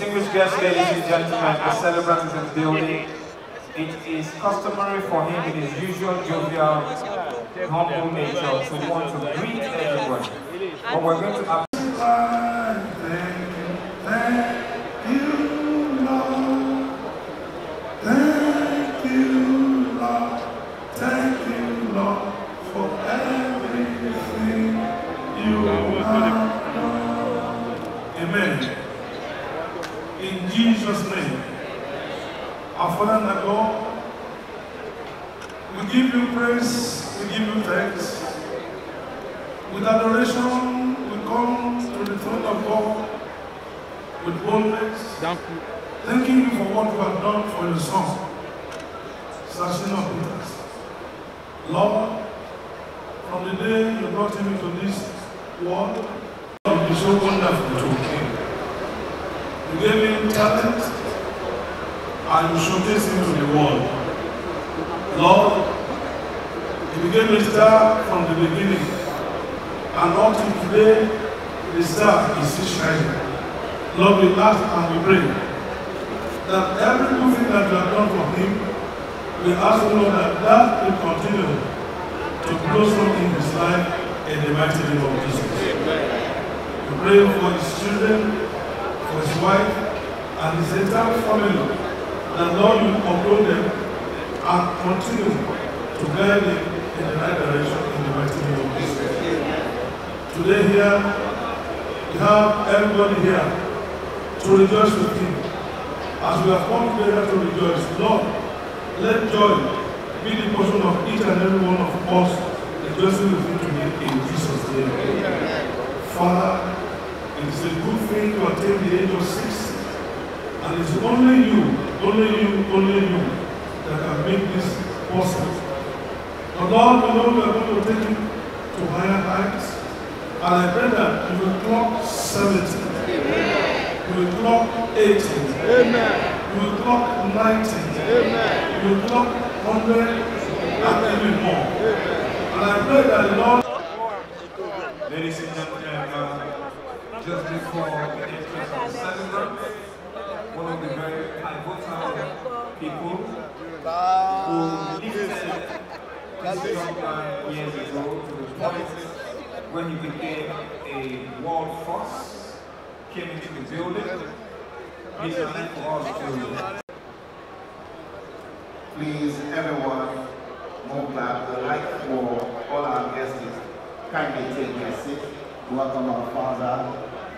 distinguished guests, ladies and gentlemen, the celebrants in the building. It is customary for him in his usual jovial, humble nature to want to greet everyone. But we're going to... Amen. Jesus' name. Our Father and God, we give you praise, we give you thanks. With adoration, we come to the throne of God with boldness, Thank you. thanking you for what you have done for your son, of Peters. Lord, from the day you brought him into this world, you so wonderful to him. revealing talent and showcasing to the world. Lord, you became a star from the beginning, and up to today, the star is still shining. Lord, we ask and we pray that every good thing that you have done for him, we ask, Lord, that that will continue to blossom in his life in the mighty name of Jesus. We pray for his children, for his wife and his entire family, that Lord will uphold them and continue to guide them in the right direction in the mighty name of Jesus. Today here, we have everybody here to rejoice with him. As we have come together to rejoice, Lord, let joy be the portion of each and every one of us rejoicing with you today in Jesus' name. Father, It is a good thing to attain the age of 60. And it's only you, only you, only you that can make this possible. The Lord alone we are going to take you to higher heights. And I pray that you will clock 70. Amen. You will clock 80. Amen. You will clock 90. Amen. You will clock 100 and even more. And I pray that the Lord... Ladies and gentlemen, just before seven months, one of the very pivotal people who lifted Trump years ago to the point when he became a world force, came into the building. He's for us to please everyone move back the light for all our guests kindly take their seat welcome our father